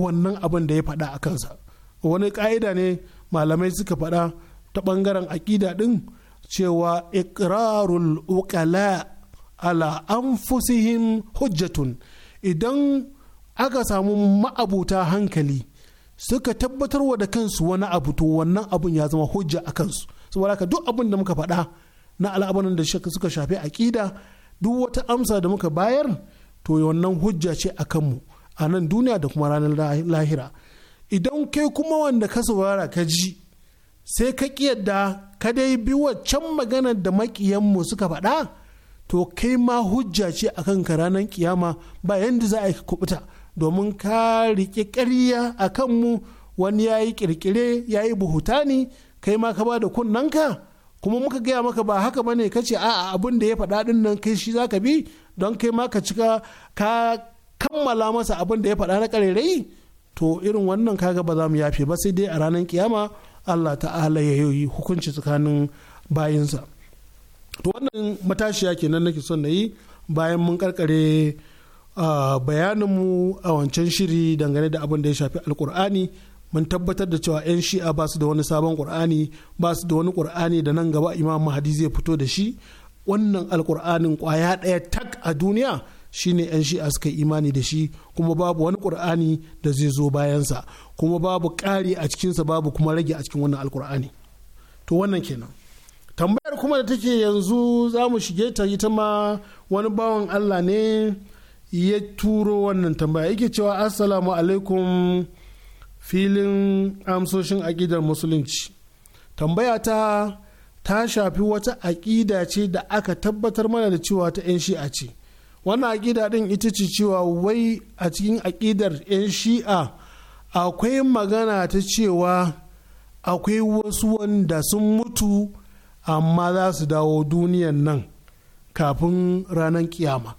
Speaker 8: wannan abin da ya faɗa a kansa wani ƙa'ida ne malamai suka faɗa ta ɓangaren aƙida ɗin cewa ikrarul ukala ala anfusihim hujjatun idan aka samu ma'abuta hankali suka tabbatar wa da kansu wani abu to wannan abun ya zama hujja a kansu saboda haka duk abin da muka faɗa na al'amuran da suka shafi aƙida duk wata amsa da muka bayar to wannan hujja ce a kanmu a nan duniya da kuma ranar lahira idan kai kuma wanda ka saurara ka ji sai ka yadda ka dai bi waccan maganar da makiyanmu suka faɗa to kai ma hujja ce a kanka ranar kiyama ba yadda za a yi kubuta domin ka riƙe ƙarya a kanmu wani ya yi ƙirƙire ya yi buhuta ne kai ma ka ba da kunnanka kuma muka gaya maka ba haka bane ka ce a'a abin da ya faɗa ɗin nan kai shi za ka bi don kai ma ka cika ka kammala masa abin da ya faɗa na ƙarairayi to irin wannan kaga ba za mu yafe ba sai dai a ranar kiyama Allah ta'ala ya yi hukunci tsakanin bayinsa to wannan matashiya kenan nake son na yi bayan mun karkare bayaninmu a wancan shiri dangane da abin da ya shafi alkur'ani mun tabbatar da cewa 'yan shi'a ba su da wani sabon ƙur'ani ba su da wani ƙur'ani da nan gaba imam mahadi zai fito da shi wannan alkur'anin ƙwaya ɗaya tak a duniya shine 'yan shi'a suka yi imani da shi kuma babu wani ƙur'ani da zai zo bayansa kuma babu ƙari a cikinsa babu kuma rage a cikin wannan alkur'ani to wannan kenan tambayar kuma da take yanzu za mu shige ta ita ma wani bawan allah ne ya turo wannan tambaya yake cewa assalamu alaikum filin amsoshin aƙidar musulunci tambaya ta ta shafi wata aƙida ce da aka tabbatar mana da cewa ta 'yan shi'a ce wannan aƙida ɗin ita ce cewa wai a cikin aƙidar 'yan shi'a akwai magana ta cewa akwai wasu wanda sun mutu amma za su dawo duniyan nan kafin ranar kiyama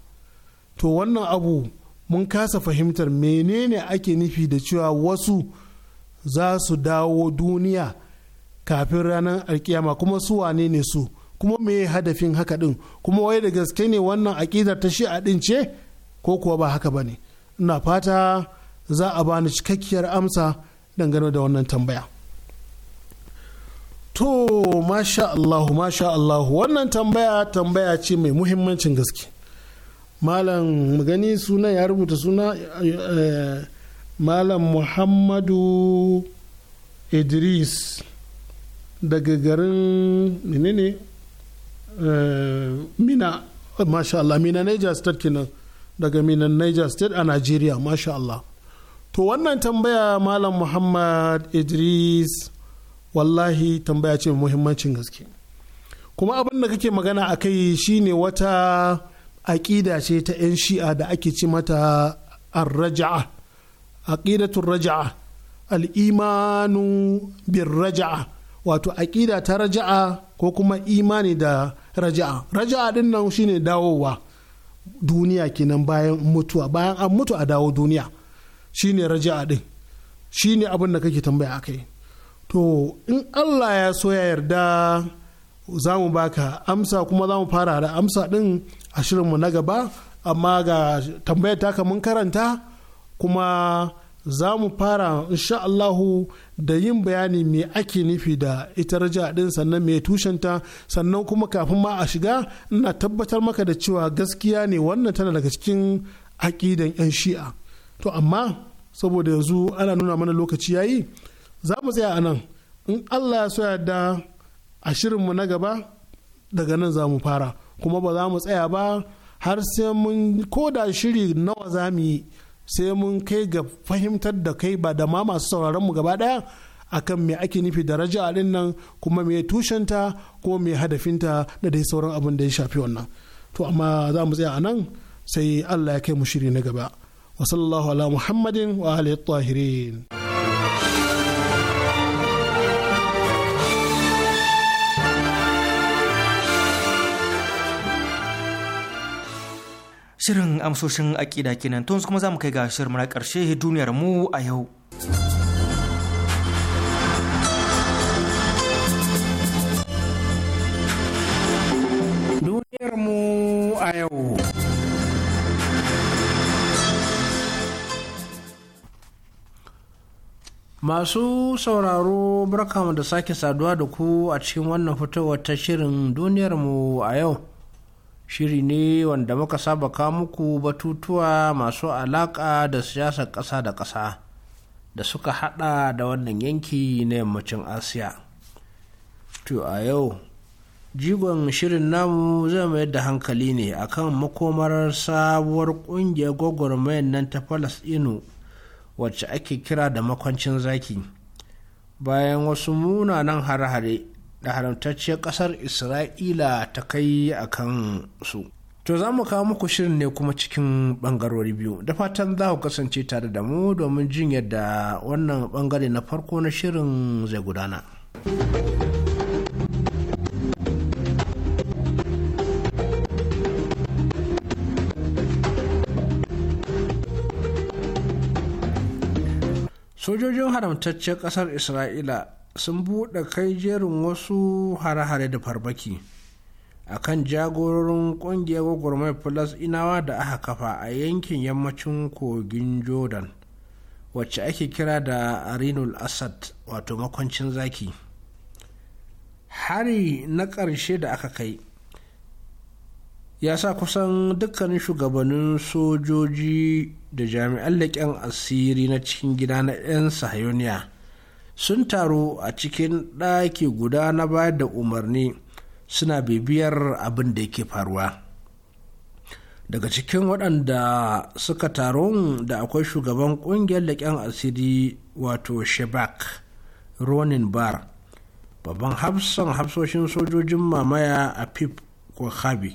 Speaker 8: to wannan abu mun kasa fahimtar menene ake nufi da cewa wasu za su dawo duniya kafin ranar alkiyama kuma su wane ne su kuma me hadafin haka din kuma wai da gaske ne wannan aƙidar ta shi din ce ko kuwa ba haka ba ne ina fata za a bani cikakkiyar amsa dangane da wannan tambaya to masha Allahu masha Allahu wannan tambaya tambaya ce mai muhimmancin gaske malam mu gani ya rubuta suna eh, malam muhammadu idris daga garin menene eh, mina oh, masha Allah mina niger state kenan daga mina niger state a nigeria masha Allah to wannan tambaya malam muhammad idris wallahi tambaya ce muhimmancin gaske kuma abin da kake magana a kai shine wata aƙida ce ta 'yan shi'a da ake ci mata arraja'a aƙidatun raja'a al'imanu bin raja'a wato aƙida ta raja'a ko kuma imani da raja'a raja'a din nan shine dawowa duniya kenan bayan mutuwa bayan an mutu a dawo duniya shine raja'a din shine abin da kake tambaya akai to in Allah ya so ya yarda za mu baka amsa kuma za mu fara da amsa din a shirinmu na gaba amma ga tambayar taka mun karanta kuma za mu fara insha da yin bayani me ake nufi da ita raja din sannan me tushenta sannan kuma kafin ma a shiga ina tabbatar maka da cewa gaskiya ne wannan tana daga cikin aƙidan 'yan shi'a to amma saboda yanzu ana nuna mana lokaci ya yi za mu tsaya a nan in Allah ya so yarda a shirinmu na gaba daga nan za mu fara kuma ba za mu tsaya ba har sai mun ko da shiri nawa za mu yi sai mun kai ga fahimtar da kai ba da ma masu sauraron mu gaba daya akan me ake nufi daraja a din nan kuma me tushenta ko me hadafinta da dai sauran abin da ya shafi wannan to amma za mu tsaya a nan sai Allah ya kai mu shiri na gaba wa sallallahu ala muhammadin wa alihi tahirin
Speaker 1: Shirin amsoshin aƙida kenan tun kuma za mu kai ga shirin na ƙarshe duniyar mu a yau.
Speaker 7: Duniyar mu a yau.
Speaker 6: Masu sauraro barkamu da sake saduwa da ku a cikin wannan fitowar ta shirin duniyarmu a yau. shiri ne wanda muka saba ka muku batutuwa masu alaƙa da siyasar ƙasa da ƙasa da suka haɗa da wannan yanki na yammacin asiya to a yau jigon shirin namu zai mayar da hankali ne akan makomar sabuwar ƙungiyar gwagwarmayar nan ta falasɗinu wacce ake kira da makwancin zaki bayan wasu munanan hare-hare da haramtacciyar kasar isra'ila ta kai a kan su to za mu kawo muku shirin ne kuma cikin ɓangarori biyu da fatan za ku kasance tare da mu domin jin yadda wannan ɓangare na farko na shirin zai gudana. sojojin haramtacciyar kasar isra'ila sun buɗe kai jerin wasu hare-hare da farbaki a kan jagororin ƙungiyar gwagwarmai plus inawa da aka kafa a yankin yammacin kogin jordan wacce ake kira da arinul assad wato makwancin zaki hari na ƙarshe da aka kai ya sa kusan dukkanin shugabannin sojoji da jami'an leƙen asiri na cikin gida na 'yan sahayoniya sun taru a cikin ɗaki guda na bayar da umarni suna bibiyar abin da yake faruwa daga cikin waɗanda suka taru da akwai shugaban ƙungiyar leƙen asiri wato shebak ronin bar babban hafsan hafsoshin sojojin mamaya a pip ko habi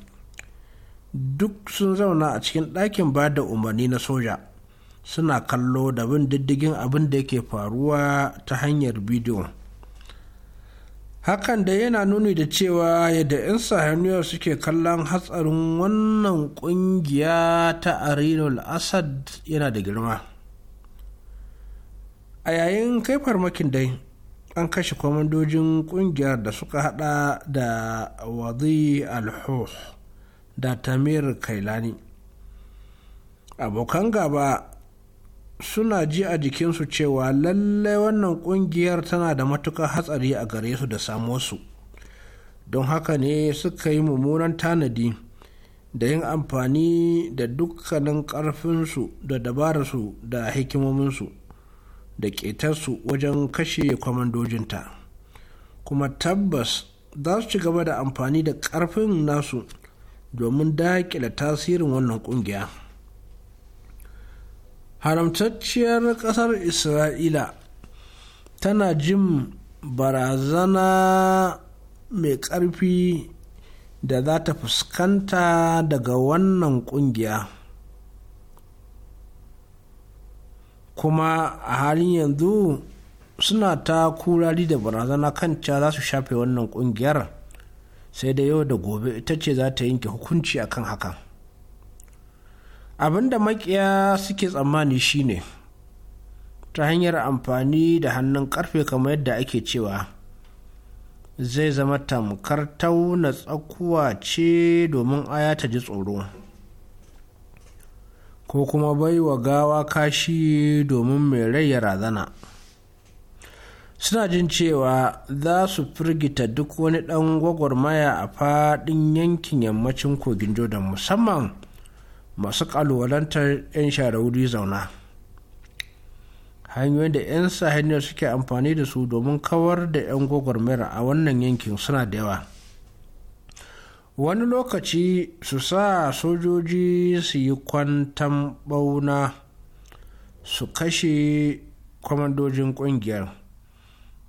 Speaker 6: duk sun zauna a cikin ɗakin ba da umarni na soja suna kallo da bin diddigin abin da yake faruwa ta hanyar bidiyo hakan da yana nuni da cewa yadda 'yan sahaniyar suke kallon hatsarin wannan kungiya ta arinul asad yana da girma a yayin kai farmakin dai an kashe kwamandojin kungiyar da suka hada da wadi alhus da tamir kailani abokan gaba suna ji a jikinsu cewa lalle wannan kungiyar tana da matuƙar hatsari a gare su da samo su don haka ne suka yi mummunan tanadi da yin amfani da dukkanin ƙarfinsu da dabararsu da hikimominsu da ƙetarsu wajen kashe kwamandojinta kuma tabbas za su ci gaba da amfani da ƙarfin nasu domin daƙile tasirin wannan ƙungiya. haramtacciyar ƙasar isra'ila tana jin barazana mai ƙarfi da za ta fuskanta daga wannan ƙungiya kuma a halin yanzu suna ta kurari da barazana kanta za su shafe wannan ƙungiyar sai da yau da gobe ita ce za ta yanke hukunci akan hakan abinda makiya suke tsammani shine ta hanyar amfani da hannun karfe kamar yadda ake cewa zai zama tamkar tauna tsakuwa ce domin aya ta ji tsoro ko kuma bai wa gawa kashi domin mai rai ya razana suna jin cewa za su firgita duk wani ɗan gwagwarmaya a faɗin yankin yammacin kogin jordan musamman masu kalwalantar 'yan shara wuri zauna hanyoyin da 'yan sahaniyar suke amfani da su domin kawar da 'yan gwagwarmayar a wannan yankin suna da yawa wani lokaci su sa sojoji su yi kwantan bauna su kashe kwamandojin kungiyar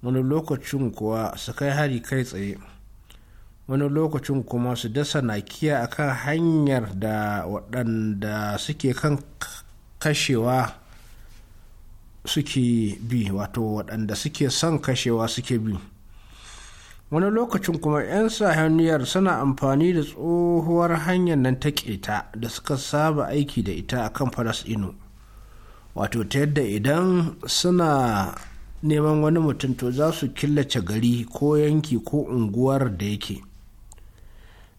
Speaker 6: wani lokacin kuwa su kai hari kai tsaye wani lokacin kuma su dasa nakiya akan hanyar da waɗanda suke kan kashewa suke bi wato waɗanda suke son kashewa suke bi wani lokacin kuma 'yan sahaniyar suna amfani da tsohuwar hanyar nan ta keta da suka saba aiki da ita a kan ino wato ta yadda idan suna neman wani mutum to za su killace gari ko yanki ko unguwar da yake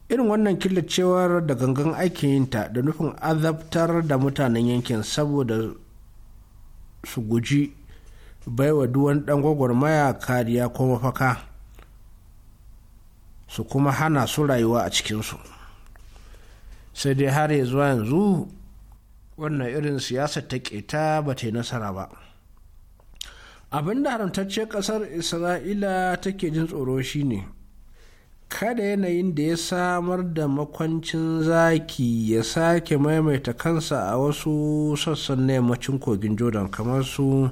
Speaker 6: irin wannan killacewar da gangan aikin yin ta da nufin azabtar da mutanen yankin saboda su guji baiwa duwan dan gwagwarmaya kariya ko mafaka su kuma hana su rayuwa a cikinsu sai dai har ya zuwa yanzu wannan irin siyasa ta keta ba ta yi nasara ba abinda da haramtacce kasar isra'ila take jin tsoro shine kada yanayin da ya samar da makwancin zaki ya sake maimaita kansa a wasu sassan na yammacin kogin jordan kamar su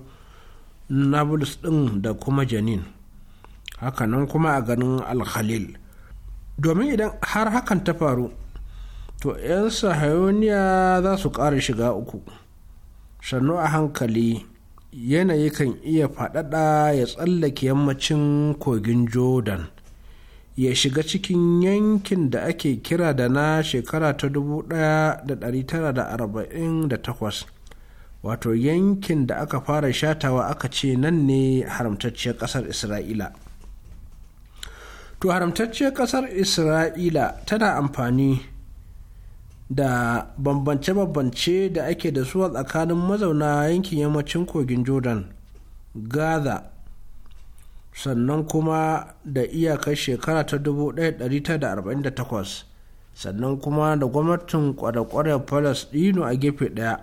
Speaker 6: nablus din da kuma janin hakanan kuma a ganin alkhalil domin idan har hakan ta faru to 'yan sahayoniya za su ƙara shiga uku sannu a hankali yanayi kan iya faɗaɗa ya tsallake yammacin kogin jordan ya shiga cikin yankin da ake kira da na shekara ta 1948 wato yankin da aka fara shatawa aka ce nan ne haramtacciyar ƙasar isra'ila to haramtacciyar ƙasar isra'ila tana amfani da bambance-bambance da ake da su a tsakanin mazauna yankin yammacin kogin jordan gaza sannan kuma da iyakar shekara ta 1948 sannan kuma da gwamnatin kwadakwarar kwada dino a gefe ɗaya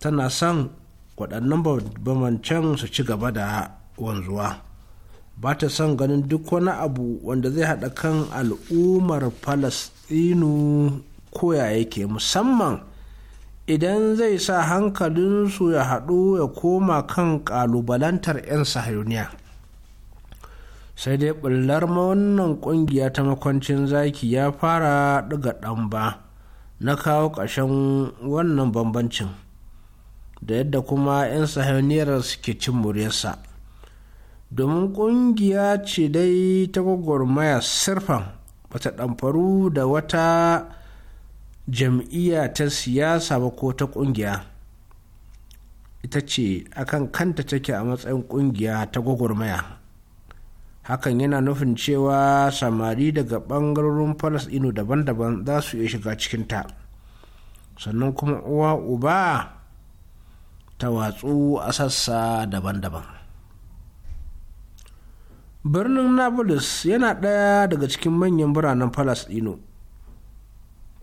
Speaker 6: tana son waɗannan bamancen su ci gaba da wanzuwa ba ta son ganin duk wani abu wanda zai haɗa kan al'ummar palestino koya yake musamman idan zai sa hankalinsu ya haɗu ya koma kan ƙalubalantar 'yan sahayuniya sai dai bullar wannan kungiya ta makwancin zaki ya fara daga ɗamba na kawo ƙarshen wannan bambancin da yadda kuma 'yan sahaniyar suke cin muryarsa domin kungiya ce dai ta gwagwarmaya sirfan bata ɗamfaru da wata jam'iyya ta siyasa ba ko ta kungiya ita ce akan kanta take a matsayin kungiya ta gwagwarmaya hakan yana nufin cewa samari daga ɓangarorin falasɗinu daban-daban za su iya shiga cikinta sannan kuma uwa uba ta watsu a sassa daban-daban birnin nablus yana ɗaya daga cikin manyan biranen falasɗinu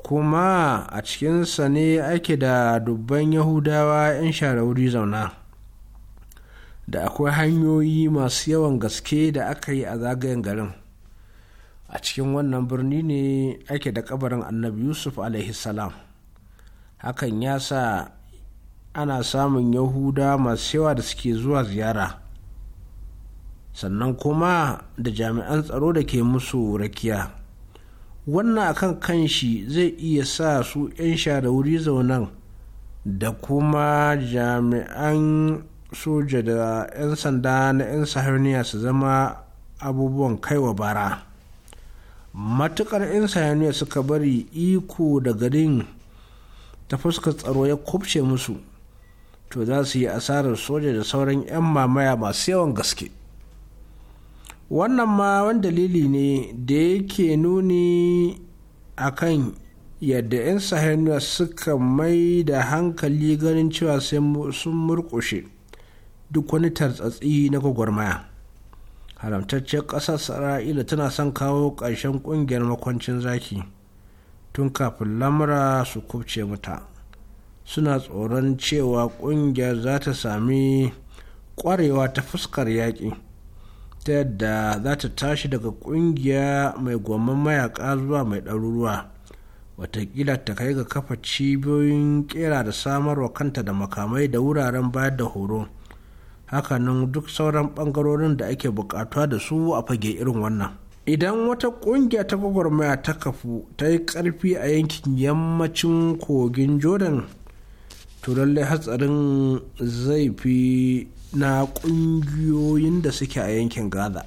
Speaker 6: kuma a cikinsa ne ake da dubban yahudawa 'yan share wuri zauna da akwai hanyoyi masu yawan gaske da aka yi a zagayen garin a cikin wannan birni ne ake da kabarin annabi yusuf salam hakan ya sa ana samun yahuda masu yawa da suke zuwa ziyara sannan kuma da jami'an tsaro da ke musu rakiya wannan akan kanshi zai iya sa su 'yan da wuri zaunan da kuma jami'an soja da 'yan sanda na 'yan sahirniya su zama abubuwan kaiwa bara matukar 'yan sahirniya suka bari iko da garin ta fuskar tsaro ya kubce musu to za su yi asarar soja da sauran 'yan mamaya masu yawan gaske wannan ma wani dalili ne da yake nuni a kan yadda 'yan sahirniya suka mai da hankali ganin cewa sun murkushe duk wani tartsatsi na gwagwarmaya haramtacciyar ƙasar sara'ila tana son kawo ƙarshen ƙungiyar makwancin zaki tun kafin lamura su kubce mata suna tsoron cewa ƙungiyar za ta sami ƙwarewa ta fuskar yaƙi ta yadda za ta tashi daga ƙungiya mai gwamman mayaƙa zuwa mai ɗaruruwa watakila ta kai ga kafa cibiyoyin ƙera da samarwa kanta da makamai da wuraren bayar da horo hakanan duk sauran bangarorin da ake bukatuwa da su a fage irin wannan idan wata kungiya ta gwagwarmaya ta kafu ta yi karfi a yankin yammacin kogin jordan to lallai hatsarin zai fi na kungiyoyin da suke a yankin gaza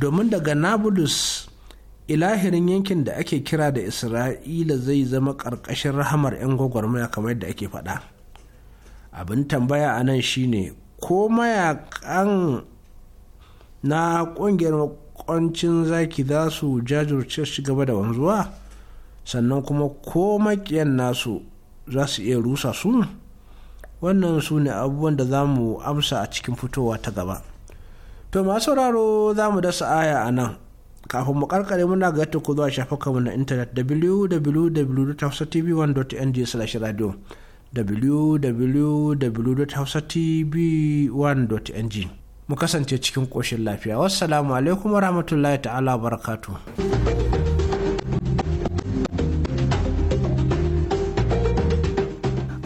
Speaker 6: domin daga nablus ilahirin yankin da ake kira da isra'ila zai zama ƙarƙashin rahamar 'yan gwagwarmaya kamar da ake faɗa abin tambaya a nan shine ko mayakan na kungiyar makwancin zaki za su jajirce shi gaba da wanzuwa sannan kuma ko makiyan nasu za su iya rusa su wannan su ne abubuwan da za mu amsa a cikin fitowa ta gaba to masu sauraro za mu dasa aya a nan kafin mu karkare muna ga ku zuwa shafukanmu na intanet www.tv1.ng/radio www.hausatv1.ng mu kasance cikin ƙoshin lafiya wassalamu alaikum rahmatullahi ta'ala barakatu.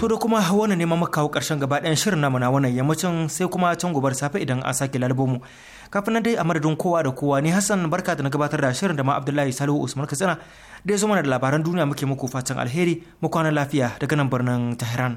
Speaker 1: To da kuma wannan ne muka kawo ƙarshen gaba ɗayan shirin namu na wannan yammacin sai kuma can gobar safe idan an sake mu Kafin nan dai a madadin kowa da kowa ne Hassan barka da na gabatar da shirin da ma Abdullahi Salihu Usman Katsina da ya zo da labaran duniya muke muku fatan alheri mu kwana lafiya daga nan birnin Tehran.